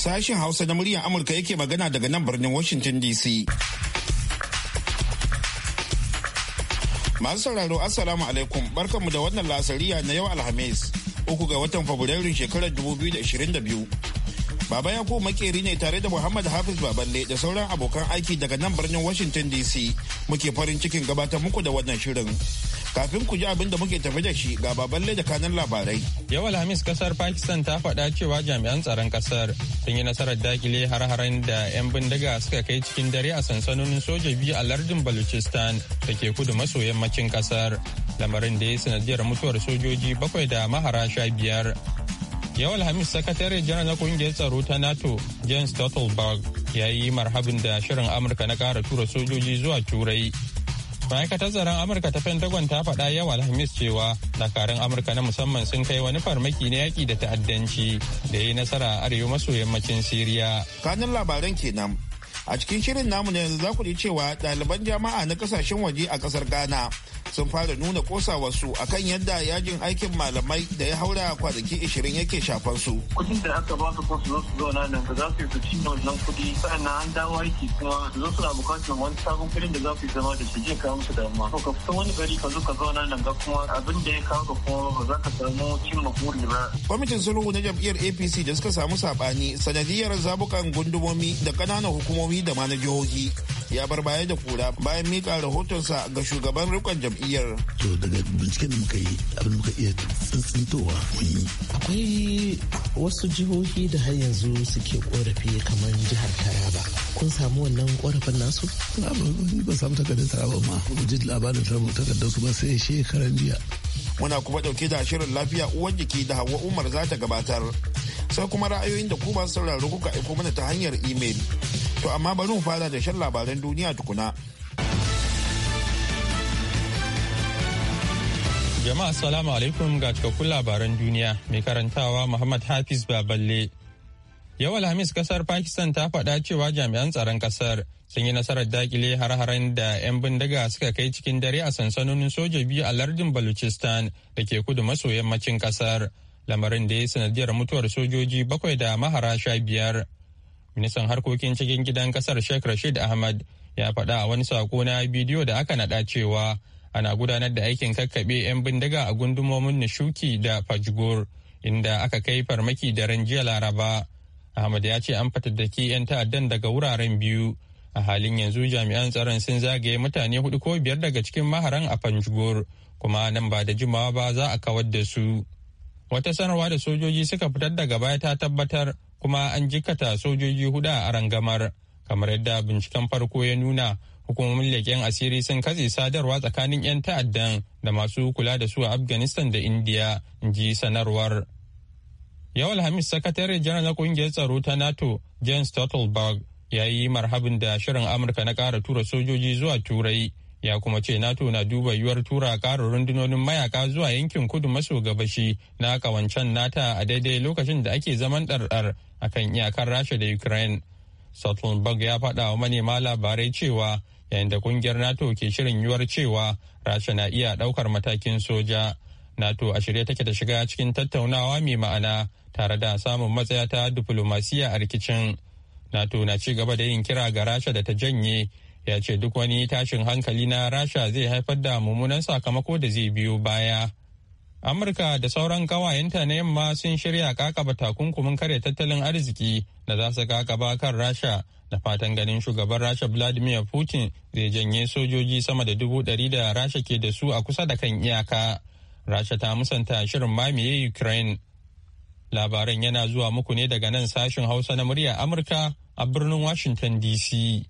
Sashen Hausa na muryar Amurka yake magana daga nan birnin Washington DC. Masu sauraro Assalamu alaikum barkanmu da wannan lasariya na yau Alhamis, uku ga watan Fabrairun shekarar 2022. Baba Yakubu makeri ne tare da Muhammad Hafiz Baballe da sauran abokan aiki daga nan birnin Washington DC muke farin cikin gabatar muku da wannan shirin. Kafin ku ji abin da muke tafi da shi ga baban da kanan labarai. Yau Alhamis kasar Pakistan ta faɗa cewa jami'an tsaron kasar sun yi nasarar dakile har-haren da 'yan bindiga suka kai cikin dare a sansanonin soja biyu a lardin Baluchistan da ke kudu maso yammacin kasar. Lamarin da ya sanadiyar mutuwar sojoji bakwai da mahara sha biyar. Yau Alhamis sakatare janar na kungiyar tsaro ta NATO james Stoltenberg ya yi marhabin da shirin Amurka na kara tura sojoji zuwa Turai ma'aikatar tsaron amurka ta pentagon ta faɗa yau alhamis cewa dakarun amurka na musamman sun kai wani farmaki na yaƙi da ta'addanci da ya yi nasara a arewa maso yammacin siriya kanin labaran kenan a cikin shirin namu ne za ku ji cewa ɗaliban jama'a na kasashen waje a ƙasar ghana sun fara nuna su akan yadda yajin aikin malamai da ya haura kwanaki 20 yake shafan su. Kudin da aka ba su su zauna nan ga za su yi ci wannan kudi sa'an an dawo aiki kuma zo na bukatar wani sabon kudin da za su yi zama da su je kawo musu damuwa. To ka fita wani gari ka zo ka zauna nan ga kuma abin da ya kawo ka kuma ba za ka samu cin buri ba. Kwamitin sulhu na jam'iyyar APC da suka samu saɓani sanadiyar zabukan gundumomi da ƙananan hukumomi da ma ya bar baya da kura bayan mika rahotonsa ga shugaban rikon jam'iyyar. To daga binciken da muka yi abin muka iya tsintowa Akwai wasu jihohi da har yanzu suke korafi kamar jihar Taraba. Kun samu wannan korafin nasu? Na ba samu takardar Taraba ma. Ji labarin takardar su ba sai shekaran jiya. muna kuma dauke da shirin lafiya uwar jiki da hawa umar za ta gabatar sai kuma ra'ayoyin da ku ba sauraro kuka aiko mana ta hanyar imel To amma bari mu fara da shan labaran duniya tukuna. Jama'a salamu alaikum ga cikakkun labaran duniya mai karantawa Muhammad Hafiz Baballe. Yau Alhamis kasar Pakistan ta faɗa cewa jami'an tsaron kasar sun yi nasarar dakile har-haren da 'yan bindiga suka kai cikin dare a sansanonin soja biyu a lardin Baluchistan da ke kudu maso yammacin kasar. Lamarin da ya sanadiyar mutuwar sojoji bakwai da mahara sha biyar. ministan harkokin cikin gidan kasar sheikh rashid ahmad ya faɗa a wani sako na bidiyo da aka naɗa cewa ana gudanar da aikin kakkaɓe 'yan bindiga a gundumomin nishuki da fajgor inda aka kai farmaki da ran jiya laraba ahmad ya ce an fatattaki 'yan ta'addan daga wuraren biyu a halin yanzu jami'an tsaron sun zagaye mutane hudu ko biyar daga cikin maharan a Fajgor, kuma nan ba da jimawa ba za a kawar da su wata sanarwa da sojoji suka fitar daga baya ta tabbatar kuma an jikata sojoji hudu a rangamar kamar yadda binciken farko ya nuna hukumomin leƙen asiri sun katse sadarwa tsakanin 'yan ta'addan da masu kula da su a afghanistan da india. in ji sanarwar yau alhamis sakatare janar na kungiyar tsaro ta nato james stoltenberg ya yi marhabin da shirin amurka na ƙara tura sojoji zuwa turai ya kuma ce nato na duba yiwuwar tura ƙara rundunonin mayaka zuwa yankin kudu maso gabashi na kawancen nata a daidai lokacin da ake zaman ɗarɗar akan iyakar rasha da ukraine stoltenberg ya faɗa wa manema labarai cewa yayin da kungiyar nato ke shirin yiwuwar cewa rasha na iya ɗaukar matakin soja nato a shirye take da shiga cikin tattaunawa mai ma'ana tare da samun matsaya ta diflomasiya a rikicin nato na ci gaba da yin kira ga rasha da ta janye ya ce duk wani tashin hankali na rasha zai haifar da mummunan sakamako da zai biyo baya Amurka da sauran ƙawayenta na yamma sun shirya kakaba takunkumin kare tattalin arziki da za su kakaba kan Rasha da fatan ganin shugaban Rasha Vladimir Putin zai janye sojoji sama da dubu ɗari da Rasha ke da su a kusa da kan iyaka. Rasha ta musanta shirin mamaye Ukraine. Labaran yana zuwa muku ne daga nan sashen Hausa na murya Amurka a birnin Washington DC.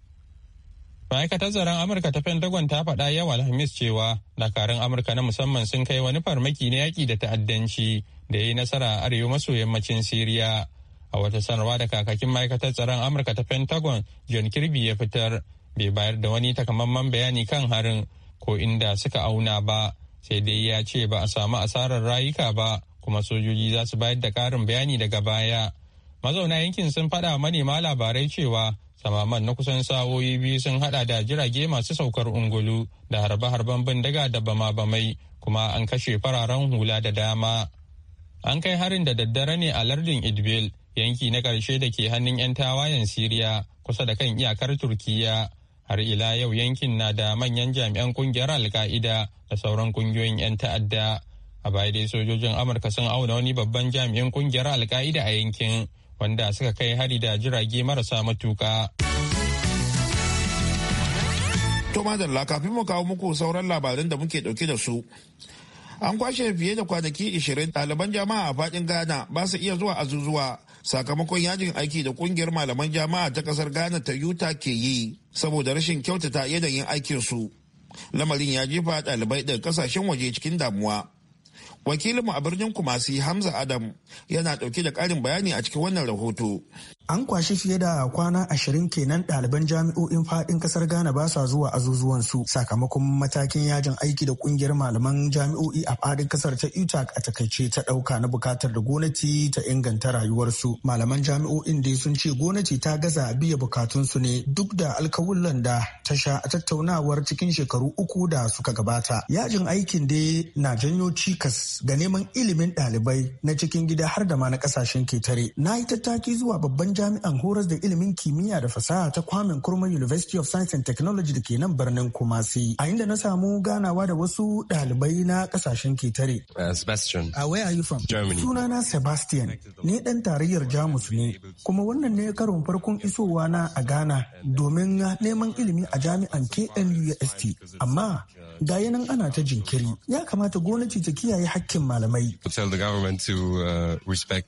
ma'aikatar tsaron amurka ta pentagon ta faɗa yau alhamis cewa dakarun amurka na musamman sun kai wani farmaki na yaƙi da ta'addanci da ya yi nasara a arewa maso yammacin siriya a wata sanarwa da kakakin ma'aikatar tsaron amurka ta pentagon john kirby ya fitar bai bayar da wani takamaiman bayani kan harin ko inda suka auna ba sai dai ya ce ba a samu asarar rayuka ba kuma sojoji za su bayar da ƙarin bayani daga baya mazauna yankin sun faɗa manema labarai cewa samaman na kusan sa'o'i biyu sun hada da jirage masu saukar ungulu da harbe-harben bindiga da bama-bamai kuma an kashe fararen hula da dama an kai harin da daddare ne a lardin idbil yanki na karshe da ke hannun 'yan tawayen siriya kusa da kan iyakar turkiya har ila yau yankin na da manyan jami'an kungiyar alka'ida da sauran kungiyoyin 'yan ta'adda a baya dai sojojin amurka sun auna wani babban jami'in kungiyar alka'ida a yankin wanda suka kai hari da jirage marasa matuka. To madalla kafin mu kawo muku sauran labaran da muke dauke da su. An kwashe fiye da kwanaki 20 ɗaliban jama'a a faɗin Ghana ba su iya zuwa azuzuwa sakamakon yajin aiki da kungiyar malaman jama'a ta ƙasar Ghana ta yuta ke yi saboda rashin kyautata yanayin aikinsu. Lamarin ya jefa ɗalibai daga ƙasashen waje cikin damuwa. wakilinmu a birnin kumasi hamza adam yana dauke da karin bayani a cikin wannan rahoto An kwashi fiye da kwana ashirin kenan ɗaliban jami'o'in faɗin ƙasar Ghana ba sa zuwa su, sakamakon matakin yajin aiki da ƙungiyar malaman jami'o'i a faɗin kasar ta Utah a takaice ta ɗauka na buƙatar da gwamnati ta inganta rayuwarsu. Malaman jami'o'in dai sun ce gwamnati ta gaza biya su ne duk da alkawullan da ta sha a tattaunawar cikin shekaru uku da suka gabata. Yajin aikin dai na janyo cikas ga neman ilimin ɗalibai na cikin gida har da ma na ƙasashen ketare. Na yi tattaki zuwa babban ɗan jami'an horas da ilimin kimiyya da fasaha ta Kwamin Kurma University of Science and Technology da ke nan birnin Kumasi. A inda na samu ganawa da wasu ɗalibai na ƙasashen ketare. Uh, Sebastian. A uh, where are from? Germany. Sunana Sebastian. Ni ɗan tarayyar Jamus ne. Kuma wannan ne karon farkon isowa na a Ghana domin neman ilimi a jami'an KNUST. Amma gaya nan ana ta jinkiri. Ya kamata gwamnati ta kiyaye hakkin malamai. to uh, respect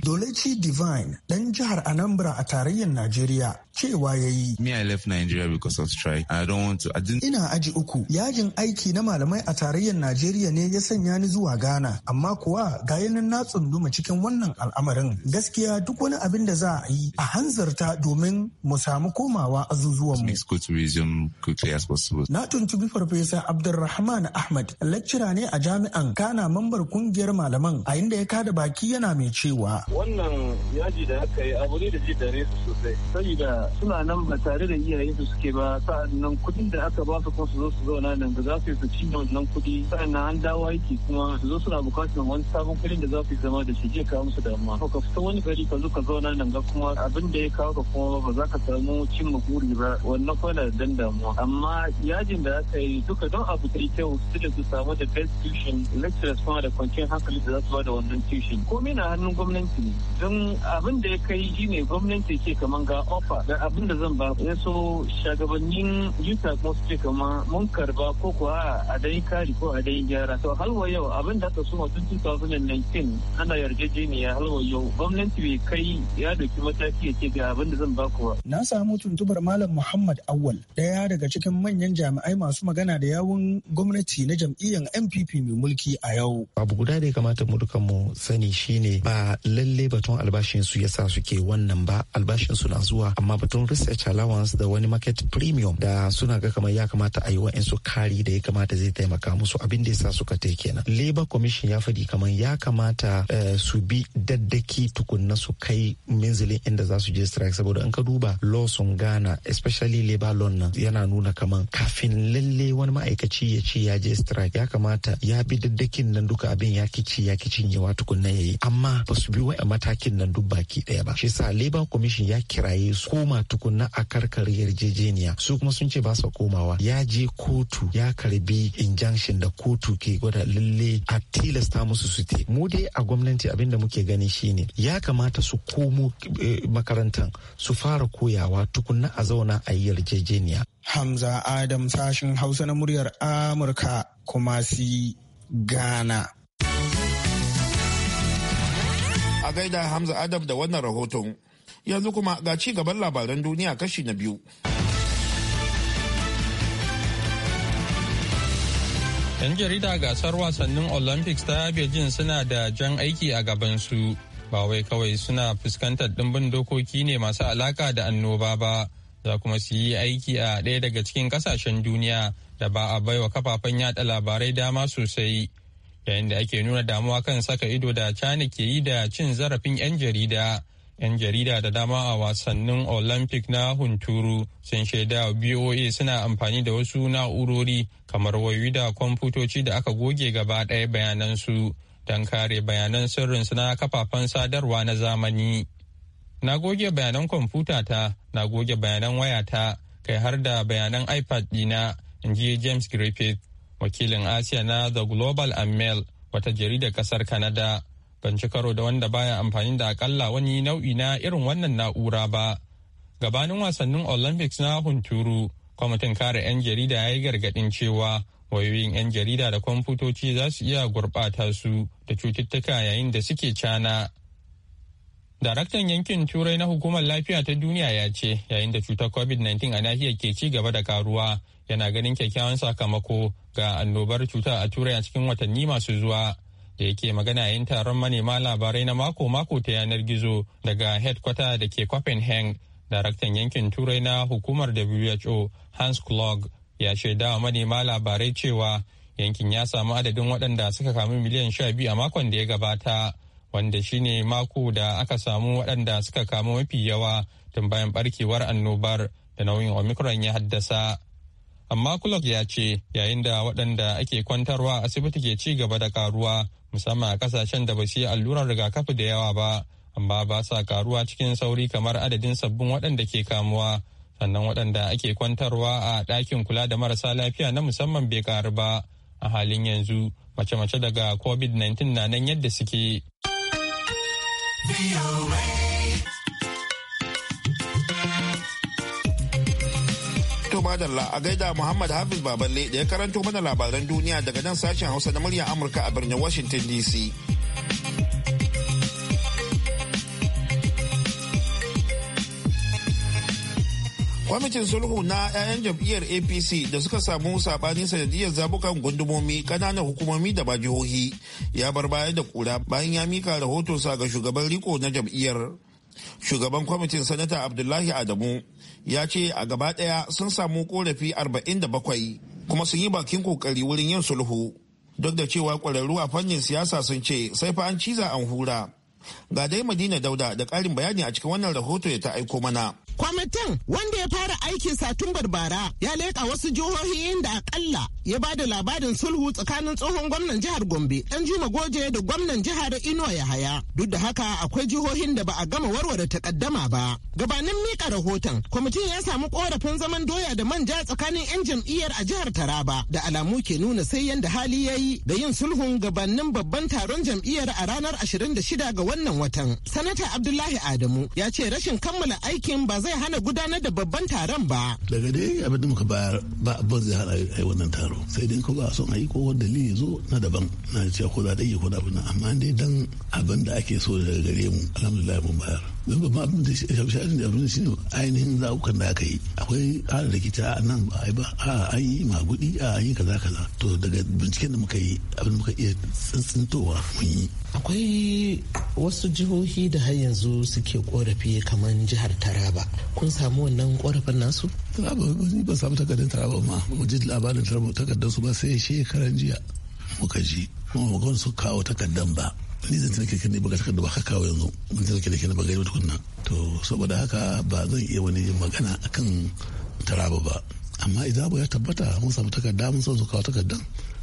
Dole ci Kofi Divine dan jihar Anambra a tarayyar Najeriya cewa ya yi. Me I left Nigeria because of strike. I don't want to. Ina aji uku yajin aiki na malamai a tarayyar Najeriya ne ya sanya ni zuwa Ghana amma kuwa ga yanin na tsunduma cikin wannan al'amarin gaskiya duk wani abin da za a yi a hanzarta domin mu samu komawa azuzuwan mu. Na tuntubi Farfesa Abdulrahman Ahmad lecturer ne a jami'an kana mambar kungiyar malaman a inda ya kada baki yana mai cewa. Wannan yaji da aka yi abu ne da ji dare su sosai saboda suna nan ba tare da iyayen su suke ba sa'annan kudin da aka ba su kuma su zo su zauna nan da za su yi su cinye wannan kuɗi sa'annan an dawo aiki kuma su zo suna bukatar wani sabon kudin da za su yi zama da shi jiya kawo musu damuwa ko ka fita wani gari ka zo ka zauna nan ga kuma abin da ya kawo ka kuma ba za ka samu cimma buri ba wannan kwana dan damuwa amma yajin da aka yi duka don abu ta yi kyau su da su samu da best tuition lecturers kuma da kwanciyar hankali da za su ba da wannan tuition komai na hannun gwamnati ne don abin da ya kai shi ne gwamnati ke kaman ga ofa da abin da zan ba ya so shagabannin yuta kuma su ce kaman mun karba ko kuwa a dai kari ko a dai gyara to halwa yau abin da aka suma tun 2019 ana yarjejeniya halwa yau gwamnati bai kai ya doki mataki ya ce ga abin da zan ba kuwa. na samu tuntubar malam muhammad awal daya daga cikin manyan jami'ai masu magana da yawun gwamnati na jam'iyyar npp mai mulki a yau. abu guda da ya kamata mu dukan mu sani shine ba lalle batun albashin su yasa suke wannan ba albashin su na zuwa amma batun research allowance da wani market premium da suna ga kamar ya kamata a yi su kari da ya kamata zai taimaka musu abin da ya yasa suka tai kenan labor commission ya faɗi kamar ya kamata eh, su bi daddaki tukunna su kai minzilin inda za su je strike saboda in ka duba law sun gana especially labor law nan yana nuna kamar kafin lalle wani ma'aikaci ya ce ya je strike ya kamata ya bi daddakin nan duka abin ya kici ya kicin yawa tukunna ya yi amma ba su bi wa'in matakin gwamnatin nan duk baki ɗaya ba shi sa labour commission ya kiraye su koma tukunna a karkar yarjejeniya su kuma sun ce ba su komawa ya je kotu ya karbi injunction da kotu ke gwada lalle a tilasta musu su te mu dai a gwamnati abin da muke gani shine ya kamata su komo eh, makarantan su fara koyawa tukunna a zauna a yarjejeniya Hamza Adam sashin Hausa na muryar Amurka kuma si Ghana. a gaida Hamza Adam da wannan rahoton. Yanzu kuma ga ci gaban labaran duniya kashi na biyu. Yan jarida gasar wasannin Olympics ta Beijing suna da jan aiki a gabansu. Ba wai kawai suna fuskantar ɗimbin dokoki ne masu alaka da annoba ba, za kuma su yi aiki a ɗaya daga cikin ƙasashen duniya da ba a baiwa kafafen yada labarai dama sosai. yayin da ake nuna damuwa kan saka ido da china ke yi da cin zarafin 'yan jarida 'yan jarida da dama a wasannin olympic na hunturu sun shaida boa suna amfani da wasu na'urori kamar wayoyi da kwamfutoci da aka goge gaba ɗaya bayanansu don kare bayanan sirrin suna kafafen sadarwa na zamani na goge bayanan kwamfuta ta na goge bayanan wayata kai har da bayanan ipad dina in ji james griffith wakilin asiya na the global and mail wata jaridar kasar canada ban ci karo da wanda baya amfani da akalla wani nau'i na irin wannan na'ura ba gabanin wasannin olympics na hunturu kwamitin kare 'yan jarida ya yi gargadin cewa wayoyin 'yan jarida da kwamfutoci za su iya gurɓata su da cututtuka yayin da suke cana daraktan yankin turai na hukumar lafiya ta duniya ya ce yayin da cutar covid-19 a nahiyar ke ci gaba da karuwa yana ganin kyakkyawan sakamako ga annobar cuta a turai a cikin watanni masu zuwa da yake magana yayin taron manema labarai na mako-mako ta yanar gizo daga headquarter da ke copenhagen daraktan yankin turai na hukumar who hans klog ya shaida wa manema labarai cewa yankin ya samu adadin waɗanda suka kamu miliyan sha biyu a makon da ya gabata wanda shine mako da aka samu waɗanda suka kamu mafi yawa tun bayan barkewar annobar da nauyin omicron ya haddasa amma kulak ya ce yayin da waɗanda ake kwantarwa asibiti ke ci gaba da karuwa musamman a kasashen da ba su yi allurar rigakafi da yawa ba amma ba sa karuwa cikin sauri kamar adadin sabbin waɗanda ke kamuwa sannan waɗanda ake kwantarwa a ɗakin kula da marasa lafiya na musamman bai karu ba a halin yanzu mace-mace daga covid-19 na nan yadda suke. Badalla a gaida Muhammad Hafiz Baballe da ya karanto mana labaran duniya daga nan sashen Hausa na muryar Amurka a birnin Washington DC. kwamitin sulhu na 'ya'yan jam'iyyar apc da suka samu sabanin sanadiyar zabukan gundumomi kananan hukumomi da ba jihohi ya bar baya da kura bayan ya mika rahoton sa ga shugaban riko na jam'iyyar shugaban kwamitin sanata abdullahi adamu ya ce a gaba ɗaya sun samu korafi 47 kuma sun yi bakin kokari wurin yin sulhu duk da cewa ƙwararru a fannin siyasa sun ce sai fa an ciza an hura ga dai madina dauda da ƙarin bayani a cikin wannan rahoto ya ta aiko mana Kwamitin wanda ya fara aikin Satumbar bara ya leƙa wasu jihohi inda akalla ya ba da labarin sulhu tsakanin tsohon gwamnan jihar Gombe dan Juma Goje da gwamnan jihar ya haya. Duk da haka akwai jihohin da ba a gama warware takaddama ba. Gabanin mika rahoton, kwamitin ya samu korafin zaman doya da manja tsakanin 'yan jam'iyyar a jihar Taraba da alamu ke nuna sai yanda hali ya yi da yin sulhun gabanin babban taron jam'iyyar a ranar ashirin da shida ga wannan watan. Sanata Abdullahi Adamu ya ce rashin kammala aikin ba zai zai hana gudanar da babban taron ba. Daga dai abin da muka bayar ba abin zai hana a wannan taro sai dai ko ba a son a yi ko wanda dalili zo na daban na cewa ko da ɗaya ko da abin amma dai dan abin da ake so daga gare mu alhamdulillah mun bayar. don babban abin da shafin da abin shi ne ainihin zaɓukan da aka yi akwai da kita a nan ba a yi ba a an yi a an yi kaza kaza to daga binciken da muka yi abin muka iya tsintsintowa mun yi akwai wasu jihohi da har yanzu suke korafi kamar jihar taraba kun samu wannan korafin nasu babu ba samu takardun taraba ma mu ji labarin takardar su ba sai shekaran jiya muka ji kuma ba su kawo takardun ba ni zan tana kirkin ne baka takardu ba kawo yanzu mun tana kirkin ba yi tukunna to saboda haka ba zan iya wani yin magana akan taraba ba amma idan abu ya tabbata mun samu takarda mun san su kawo takardun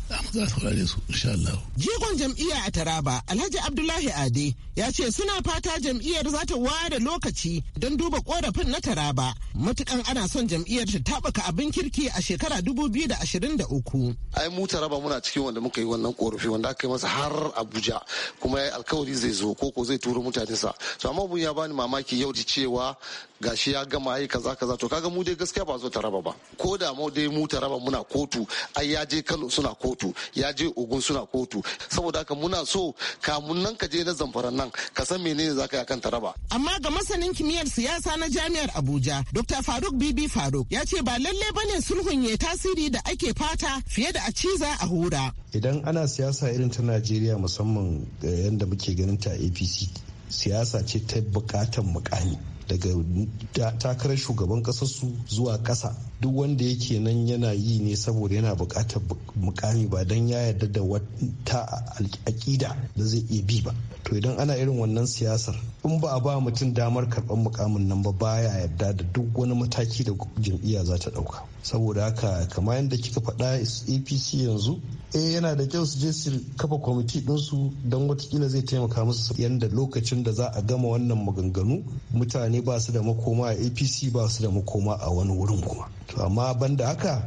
za da su insha Allah. Jigon jam'iyya a Taraba Alhaji Abdullahi Ade ya ce suna fata jam'iyyar za ta ware lokaci don duba korafin na Taraba matukan ana son jam'iyyar ta tabaka abin kirki a shekara 2023. Ai mu Taraba muna cikin wanda muka yi wannan korafi wanda aka yi masa har Abuja kuma alkawari zai zo ko ko zai turo mutanensa. To amma ya bani mamaki yau da cewa gashi ya gama yi kaza kaza to kaga mu dai gaskiya ba zo Taraba ba. Ko da mu dai mu Taraba muna kotu ai ya je Kano suna kotu. kotu ya je ogun suna kotu saboda haka muna so kamun nan ka je na zamfaran nan ka san menene za ka yi taraba. amma ga masanin kimiyyar siyasa na jami'ar abuja dr faruk bibi faruk ya ce ba lalle bane sulhun ya tasiri da ake fata fiye da a ciza a hura. idan ana siyasa irin ta najeriya musamman yadda muke ganin ta apc siyasa ce ta bukatan mukami daga takarar shugaban su zuwa ƙasa duk wanda yake nan yana yi ne saboda yana buƙatar mukami ba don ya yarda da wata aƙida da zai iya bi ba to idan ana irin wannan siyasar in ba a ba mutum damar karɓar mukamin nan ba baya yarda da duk wani mataki da jam'iyya za ta ɗauka saboda haka kamar yadda kika faɗa apc yanzu eh yana da kyau su je su kafa kwamiti ɗinsu don watakila zai taimaka musu yadda lokacin da za a gama wannan maganganu mutane ba su da makoma a apc ba su da makoma a wani wurin kuma to amma banda haka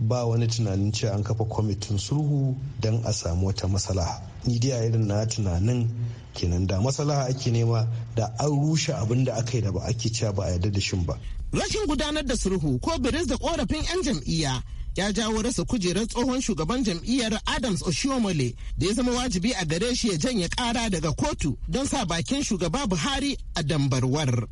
ba wani tunanin cewa an kafa kwamitin sulhu don a samu wata masalaha ni dai a irin na tunanin kenan da masalaha ake nema da an rushe abin da aka yi da ba ake cewa ba a yarda da shin ba rashin gudanar da sulhu ko biris da korafin 'yan jam'iyya ya jawo rasa kujerar tsohon shugaban jam'iyyar Adams Oshiomole da ya zama wajibi a gare shi ya janye kara daga kotu don sa bakin shugaba Buhari a dambarwar.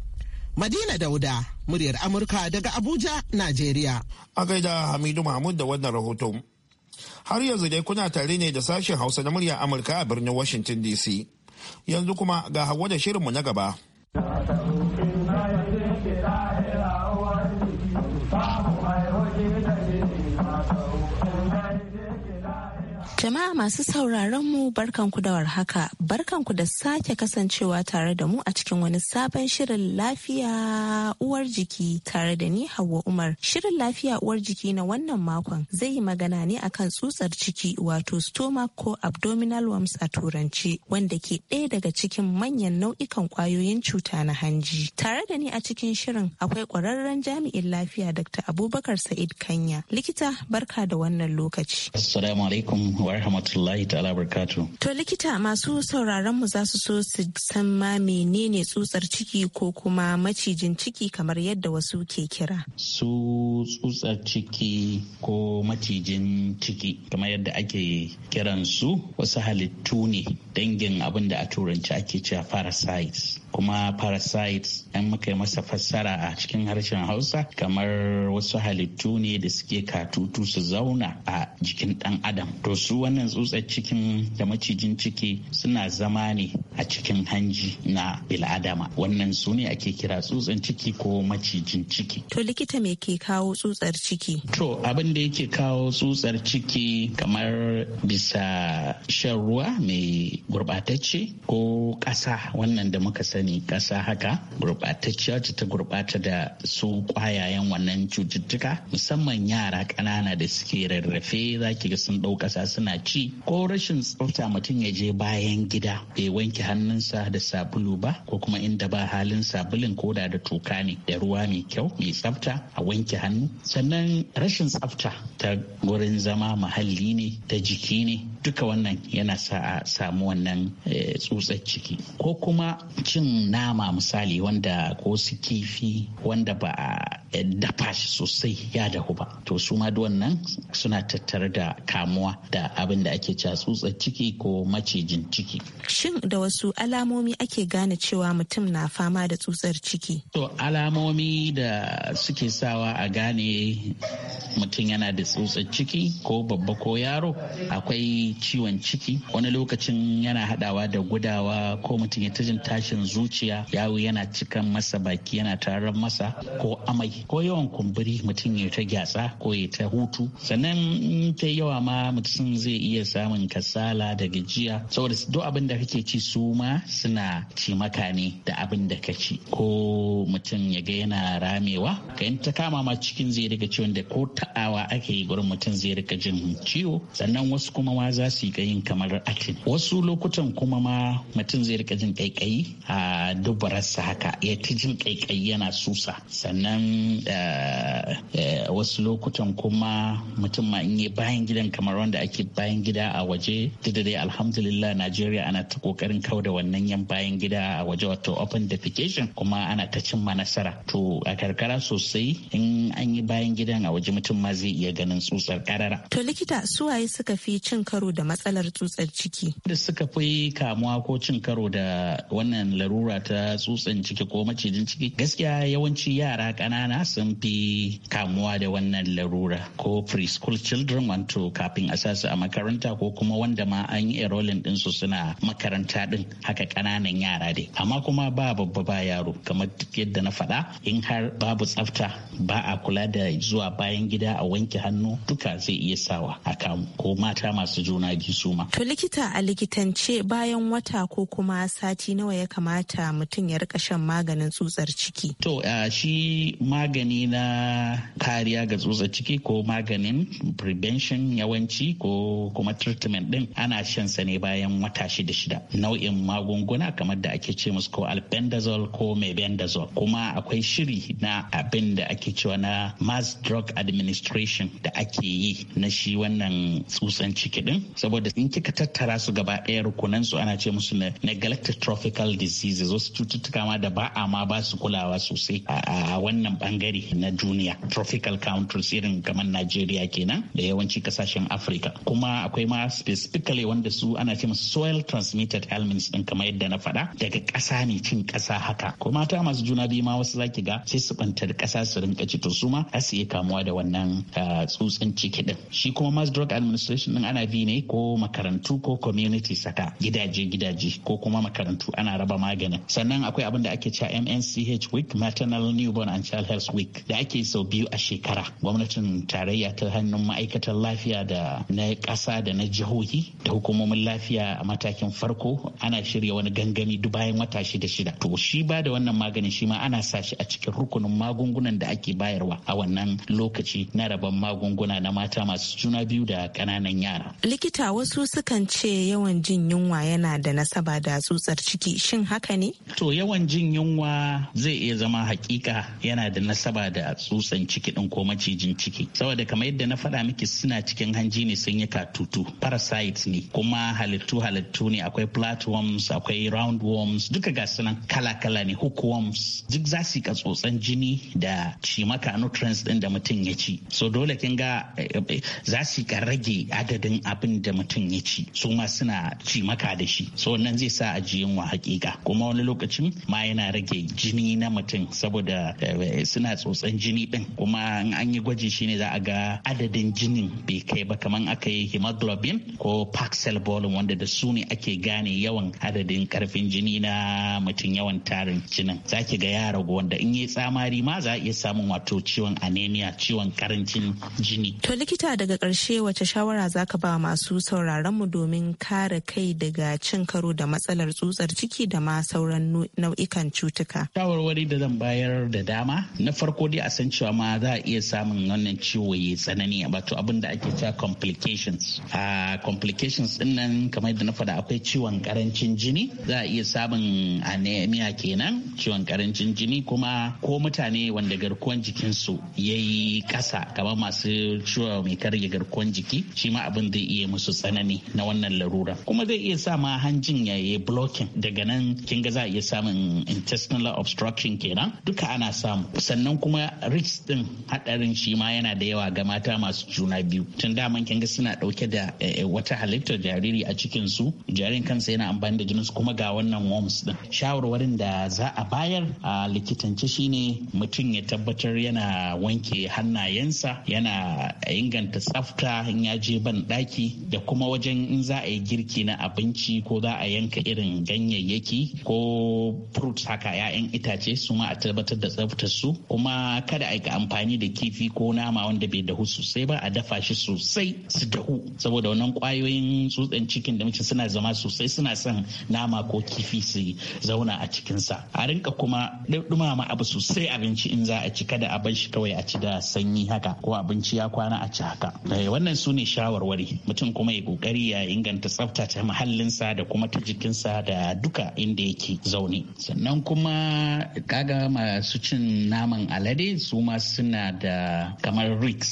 Madina Dauda, muryar Amurka daga Abuja, Najeriya. A gaida Hamidu Mahmud da wannan rahoto Har yanzu dai kuna tare ne da sashen Hausa na muryar Amurka a birnin Washington DC. Yanzu kuma ga hawa da shirinmu na gaba. Thank you. Jama'a masu sauraron mu barkanku da warhaka, barkanku da sake kasancewa tare da mu a cikin wani sabon shirin lafiya uwar jiki tare da ni Hauwa Umar. Shirin lafiya uwar jiki na wannan makon zai yi magana ne akan tsutsar ciki wato stomach ko abdominal worms a turanci wanda ke ɗaya daga cikin manyan nau'ikan kwayoyin cuta na hanji. Tare da ni a cikin shirin akwai ƙwararren jami'in lafiya Dr. Abubakar Sa'id Kanya. Likita barka da wannan lokaci. Assalamu alaikum rahmatullahi ta'ala barkatu. To likita masu sauraron mu za su so su san ma menene tsutsar ciki ko kuma macijin ciki kamar yadda wasu ke kira. Su tsutsar ciki ko macijin ciki kamar yadda ake kiransu wasu halittu ne dangin abin da a turanci ake cewa parasites. kuma parasites an muka yi masa fassara a cikin harshen hausa kamar wasu halittu ne da suke katutu su zauna a jikin ɗan adam to su wannan tsutsar cikin da macijin ciki suna zama ne a cikin hanji na bil'adama wannan su ne ake kira tsutsan ciki ko macijin ciki to likita me ke kawo tsutsar ciki to abin da yake kawo tsutsar ciki kamar bisa shan ruwa mai gurbatacce ko ƙasa wannan da muka sani ƙasa haka gurbatacce wacce ta gurbata da su kwayayen wannan cututtuka musamman yara ƙanana da suke rarrafe za ki ga sun ɗau ƙasa suna ci ko rashin tsafta mutum ya je bayan gida bai wanke wanke hannunsa da sabulu ba ko kuma inda ba halin sabulun koda da toka ne da ruwa mai kyau mai tsafta a wanke hannu sannan rashin tsafta ta gurin zama muhalli ne ta jiki ne duka wannan yana sa a samu wannan eh, tsutsar ciki ko kuma cin nama misali wanda ko su kifi wanda ba a dafa shi sosai ya dahu ba to su ma wannan suna tattare da kamuwa da abin da ake cewa tsutsar ciki ko macijin ciki shin da wasu alamomi ake gane cewa mutum na fama da tsutsar ciki to alamomi da suke sawa a gane mutum yana da tsutsar ciki ko babba ko yaro akwai ciwon ciki wani lokacin yana hadawa da gudawa ko mutum ya ta tashin zuciya yawo yana cikan masa baki yana tarar masa ko amai ko yawan kumburi mutum ya ta gyatsa ko ya ta hutu sannan ta yawa ma mutum zai iya samun kasala da gajiya saboda duk abin da kake ci su ma suna ci ne da abin da ka ci ko mutum ya ga yana ramewa ka ta kama ma cikin zai riga ciwon da ko ta'awa ake yi gurin mutum zai riga jin ciwo sannan wasu kuma ma za su yi yin kamar atin wasu lokutan kuma ma mutum zai rika jin kaikayi a dubararsa haka ya ta jin kaikayi yana susa sannan Eh, wasu lokutan kuma mutum ma in yi bayan gidan kamar wanda ake bayan gida a waje duk da dai alhamdulillah najeriya ana ta kokarin kau da wannan yan bayan gida a waje wato open defecation kuma ana ta cimma nasara to a karkara sosai in an yi bayan gidan a waje mutum ma zai iya ganin tsutsar karara to likita su suwaye suka fi cin karo da matsalar tsutsar ciki da suka fi kamuwa ko cin karo da wannan larura ta tsutsan ciki ko macijin ciki gaskiya yawanci yara ƙanana sun fi kamuwa da wannan larura ko preschool children wanto kafin a sasu a makaranta ko kuma wanda ma an yi enrolling su suna makaranta din haka kananan yara dai amma kuma ba babba ba yaro kamar yadda na faɗa in har babu tsafta ba a kula da zuwa bayan gida a wanke hannu duka zai iya sawa a kamu ko mata masu juna biyu su ma. To likita a likitance bayan wata ko kuma sati nawa ya kamata mutum ya rika shan maganin tsutsar ciki? To shi magani na kariya ga tsutsa ciki ko maganin prevention yawanci ko kuma treatment din ana shan sa ne bayan wata shida shida nau'in magunguna kamar da ake ce musu ko albendazole ko mebendazole kuma akwai shiri na abin da ake cewa na mass drug administration da ake yi na shi wannan tsutsan ciki din saboda in kika tattara su gaba ɗaya rukunan su ana ce musu na neglected tropical diseases wasu cututtuka ma da ba a ma ba su kulawa sosai a wannan bangare na duniya tropical countries irin kamar Najeriya kenan da yawanci kasashen Afirka kuma akwai ma specifically wanda su ana ce soil transmitted elements din kamar yadda na faɗa daga ƙasa ne cin ƙasa haka ko mata masu juna biyu ma wasu zaki ga sai su bantar ƙasa su rinka ci to su ma su iya kamuwa da wannan ah, tsutsin ciki din shi kuma mass drug administration din ana bi ne ko makarantu ko community saka gidaje gidaje ko kuma makarantu ana raba maganin sannan akwai abin da ake cewa MNCH week maternal newborn and child health Doctors Week da ake sau biyu a shekara. Gwamnatin tarayya ta hannun ma'aikatan lafiya da na ƙasa da na jihohi da hukumomin lafiya a matakin farko ana shirya wani gangami duk bayan wata shida shida. To shi ba da wannan maganin shi ma ana sa shi a cikin rukunin magungunan da ake bayarwa a wannan lokaci na rabon magunguna na mata masu juna biyu da ƙananan yara. Likita wasu sukan ce yawan jin yunwa yana da nasaba da tsutsar ciki shin haka ne? To yawan jin yunwa zai iya zama hakika yana da nasaba da tsutsan ciki din ko macijin ciki saboda kamar yadda na faɗa miki suna cikin hanji ne sun yi katutu parasites ne kuma halittu halittu ne akwai flatworms akwai roundworms duka ga sunan kala-kala ne hookworms duk za su ka tsotsan jini da cimaka nutrients din da mutum ya ci so dole kin ga eh, eh, za su ka rage adadin abin da mutum ya ci su ma suna cimaka da shi so wannan zai sa a ji yunwa hakika kuma wani lokacin ma yana rage jini na mutum saboda eh, suna tsotsan jini din kuma in an yi gwaji shine za a ga adadin jinin bai kai ba kamar aka yi hemoglobin ko paxel volume wanda da su ne ake gane yawan adadin karfin jini na mutum yawan tarin jinin ki ga yara ragu wanda in yi tsamari ma za a iya samun wato ciwon anemia ciwon karancin jini to likita daga karshe wace shawara zaka ba masu sauraron mu domin kare kai daga cin karo da matsalar tsutsar ciki da ma sauran nau'ikan cutuka shawarwari da zan bayar da dama na farko dai a san cewa ma za a iya samun wannan ciwo ya tsanani wato abin da ake cewa complications a complications din nan kamar yadda na faɗa akwai ciwon karancin jini za a iya samun anemia kenan ciwon karancin jini kuma ko mutane wanda garkuwan jikinsu ya yi kasa kamar masu ciwo mai karya garkuwan jiki shi ma abin zai iya musu tsanani na wannan larura kuma zai iya sa ma hanjin ya yi blocking daga nan kin ga za a iya samun intestinal obstruction kenan duka ana samu sannan sannan kuma risk din hadarin shi ma yana da yawa ga mata masu juna biyu tun da man ga suna dauke da eh, eh, wata halittar jariri a cikin su jaririn kansa yana amfani da jinin kuma ga wannan worms din shawarwarin da za a bayar a likitance shine mutum ya tabbatar yana wanke hannayensa yana inganta tsafta in ya je ban daki da kuma wajen in za a yi girki na abinci ko za a yanka irin ganyayyaki ko fruits haka 'ya'yan itace su ma a tabbatar da tsaftar su kuma kada a yi amfani da kifi ko nama wanda bai dahu sosai ba a dafa shi sosai su dahu saboda wannan kwayoyin tsutsen cikin da mace suna zama sosai suna son nama ko kifi su zauna a cikinsa a rinka kuma dumama abu sosai abinci in za a ci kada a bar shi kawai a ci da sanyi haka ko abinci ya kwana a ci haka eh, wannan su ne shawarwari mutum kuma ya kokari ya inganta tsafta ta muhallinsa da kuma ta jikinsa da duka inda yake zaune sannan kuma kaga masu cin naman kiwon alade su ma suna da kamar risk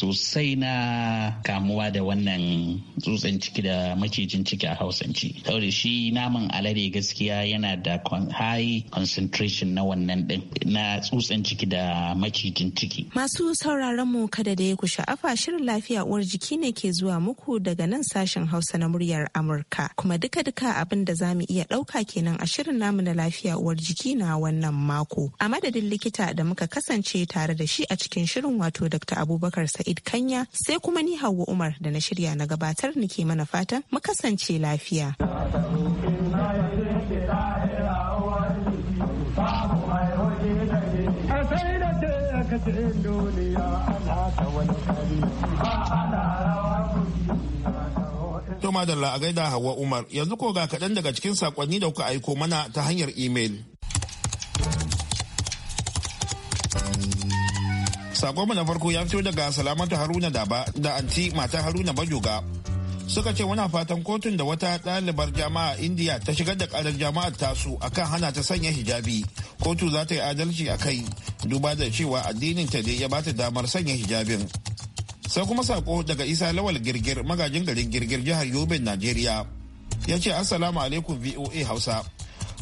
sosai na kamuwa da wannan tsutsan ciki da macijin ciki a hausance saboda shi naman alade gaskiya yana da high concentration na wannan din na tsutsan ciki da macijin ciki masu sauraron mu kada da ya ku sha'afa shirin lafiya uwar jiki ne ke zuwa muku daga nan sashen hausa na muryar amurka kuma duka-duka abin da zamu iya ɗauka kenan a shirin namu na lafiya uwar jiki na wannan mako a madadin likita da muka kasance tare da shi a cikin shirin wato Dr. Abubakar Sa'id Kanya sai kuma ni Hauwa Umar da na shirya na gabatar nike mana fatan mu kasance lafiya. To madalla a gaida Hauwa Umar yanzu ko ga kaɗan daga cikin saƙonni da kuka aiko mana ta hanyar imel. mu na farko ya fito daga Salamatu Haruna Daba da anti mata Haruna Bajoga. Suka ce muna fatan kotun da wata ɗalibar jama'a Indiya ta shigar da ƙarar jama'ar tasu akan hana ta sanya hijabi. Kotu za ta yi adalci a kai duba da cewa addinin ta dai ya ba ta damar sanya hijabin. Sai kuma sako daga Isa Lawal Girgir magajin garin Girgir jihar Yobe Najeriya. Ya ce Assalamu alaikum VOA Hausa.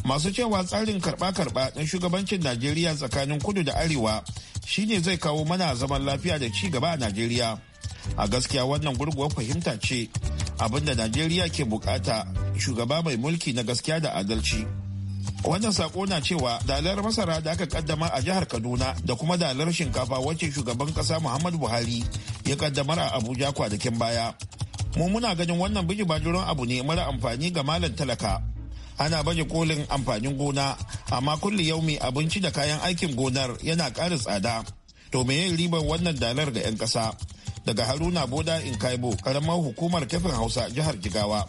Masu cewa tsarin karba karba na shugabancin Najeriya tsakanin kudu da arewa Shi ne zai kawo mana zaman lafiya da ci gaba a najeriya a gaskiya wannan gurguwar fahimta ce abinda najeriya ke bukata shugaba mai mulki na gaskiya da adalci wannan sako na cewa dalar masara da aka kaddama a jihar kaduna da kuma dalar shinkafa wacce shugaban kasa muhammadu buhari ya kaddamar a abuja kwanakin baya mu muna ganin wannan biji bajiron abu ne mara amfani ga malam talaka ana baje kolin amfanin gona amma kulli yaumi abinci da kayan aikin gonar yana ƙara tsada to me ribar wannan dalar ga 'yan ƙasa daga haruna boda in kaibo karamar hukumar kafin hausa jihar jigawa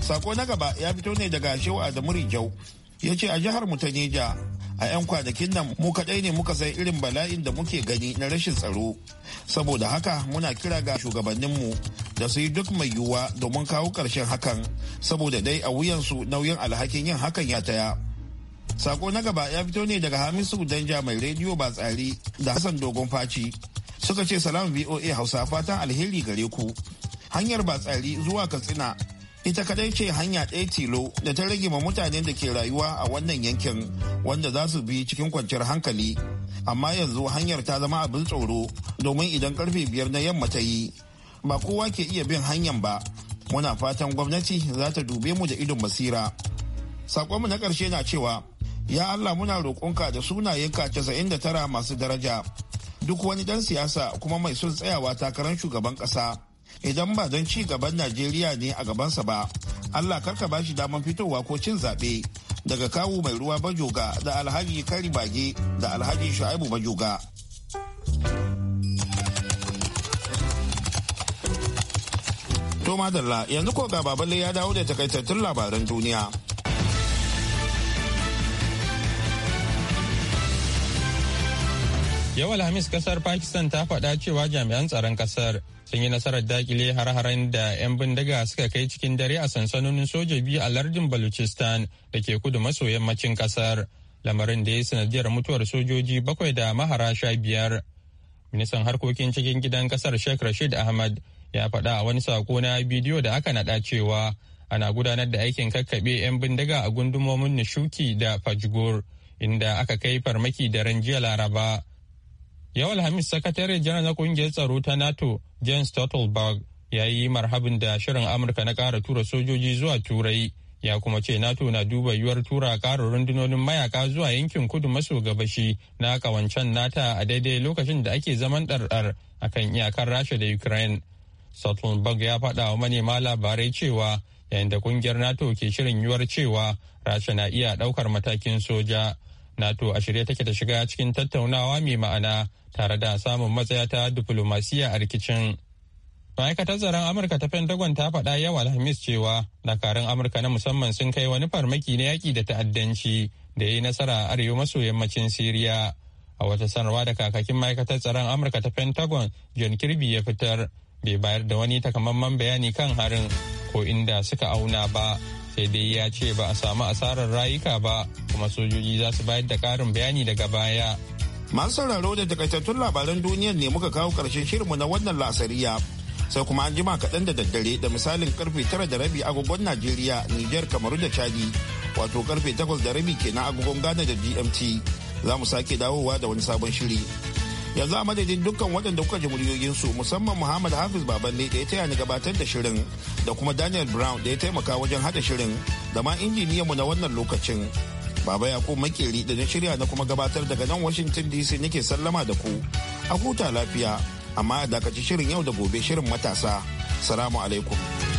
sako na gaba ya fito ne daga shehu muri jau ya ce a jihar mu ta neja a 'yan kwanakin nan mu kaɗai ne muka san irin bala'in da muke gani na rashin tsaro saboda haka muna kira ga shugabanninmu da su yi duk mai yiwuwa domin kawo ƙarshen hakan saboda dai a wuyansu nauyin alhakin yin hakan ya taya. Sako na gaba ya fito ne daga Hamisu Danja mai rediyo ba tsari da Hassan Dogon Faci. Suka ce salam VOA Hausa fatan alheri gare ku. Hanyar ba tsari zuwa Katsina ita kadai ce hanya ɗaya tilo da ta rage ma mutanen da ke rayuwa a wannan yankin wanda za su bi cikin kwanciyar hankali. Amma yanzu hanyar ta zama abin tsoro domin idan karfe biyar na yamma ta yi ba kowa ke iya bin hanyar ba muna fatan gwamnati za ta dube mu da idon basira sakonmu na karshe na cewa ya allah muna roƙonka da sunayenka tara masu daraja duk wani dan siyasa kuma mai son tsayawa takarar shugaban ƙasa idan ba don ci gaban najeriya ne a gabansa ba allah karka ba shi daman fitowa ko cin zaɓe daga kawu mai ruwa bajoga da alhaji kari bage da alhaji shu'aibu bajoga To madalla yanzu ko ga baballe ya dawo da takaitattun labaran duniya. Yau Alhamis kasar Pakistan ta faɗa cewa jami'an tsaron kasar sun yi nasarar dakile har-haren da 'yan bindiga suka kai cikin dare a sansanonin soja biyu a lardin Baluchistan da ke kudu maso yammacin kasar. Lamarin da ya sanadiyar mutuwar sojoji bakwai da mahara sha biyar. Ministan harkokin cikin gidan kasar Sheikh Rashid Ahmad ya faɗa a wani sako na bidiyo da aka naɗa cewa ana gudanar da aikin kakkaɓe 'yan bindiga a gundumomin nishuki da fajgor inda aka kai farmaki da ran jiya laraba yau alhamis sakatare jana na kungiyar tsaro ta nato james stoltenberg ya yi marhabin da shirin amurka na ƙara tura sojoji zuwa turai ya kuma ce nato na duba yiwuwar tura ƙarin rundunonin mayaka zuwa yankin kudu maso gabashi na ƙawancen nata a daidai lokacin da ake zaman ɗarɗar akan iyakar rasha da ukraine Stoltenberg ya faɗa wa manema labarai cewa yayin da kungiyar NATO ke shirin yiwuwar cewa Rasha na iya ɗaukar matakin soja. NATO a shirye take da shiga cikin tattaunawa mai ma'ana tare da samun matsaya ta diflomasiya a rikicin. Ma'aikatar tsaron Amurka ta Pentagon ta faɗa yawa Alhamis cewa dakarun Amurka na musamman sun kai wani farmaki na yaƙi da ta'addanci da ya yi nasara a arewa maso yammacin Siriya. A wata sanarwa da kakakin ma'aikatar tsaron Amurka ta Pentagon John Kirby ya fitar bai bayar da wani takamaiman bayani kan harin ko inda suka auna ba sai dai ya ce ba a samu asarar rayuka ba kuma sojoji za su bayar da karin bayani daga baya masu sauraro da takaitattun labaran duniyar ne muka kawo karshen shirinmu na wannan lasariya sai kuma an jima kaɗan da daddare da misalin karfe tara da rabi agogon najeriya niger kamaru da chadi wato karfe takwas da rabi kenan agogon ghana da gmt za mu sake dawowa da wani sabon shiri yanzu a madadin dukkan waɗanda kuka ji muryoyinsu musamman muhammad hafiz baballe da ya taya ni gabatar da shirin da kuma daniel brown da ya taimaka wajen hada shirin da ma injiniyanmu na wannan lokacin baba ko makeri da na shirya na kuma gabatar daga nan washington dc nake sallama da ku a huta lafiya amma a dakaci shirin yau da gobe shirin matasa salamu alaikum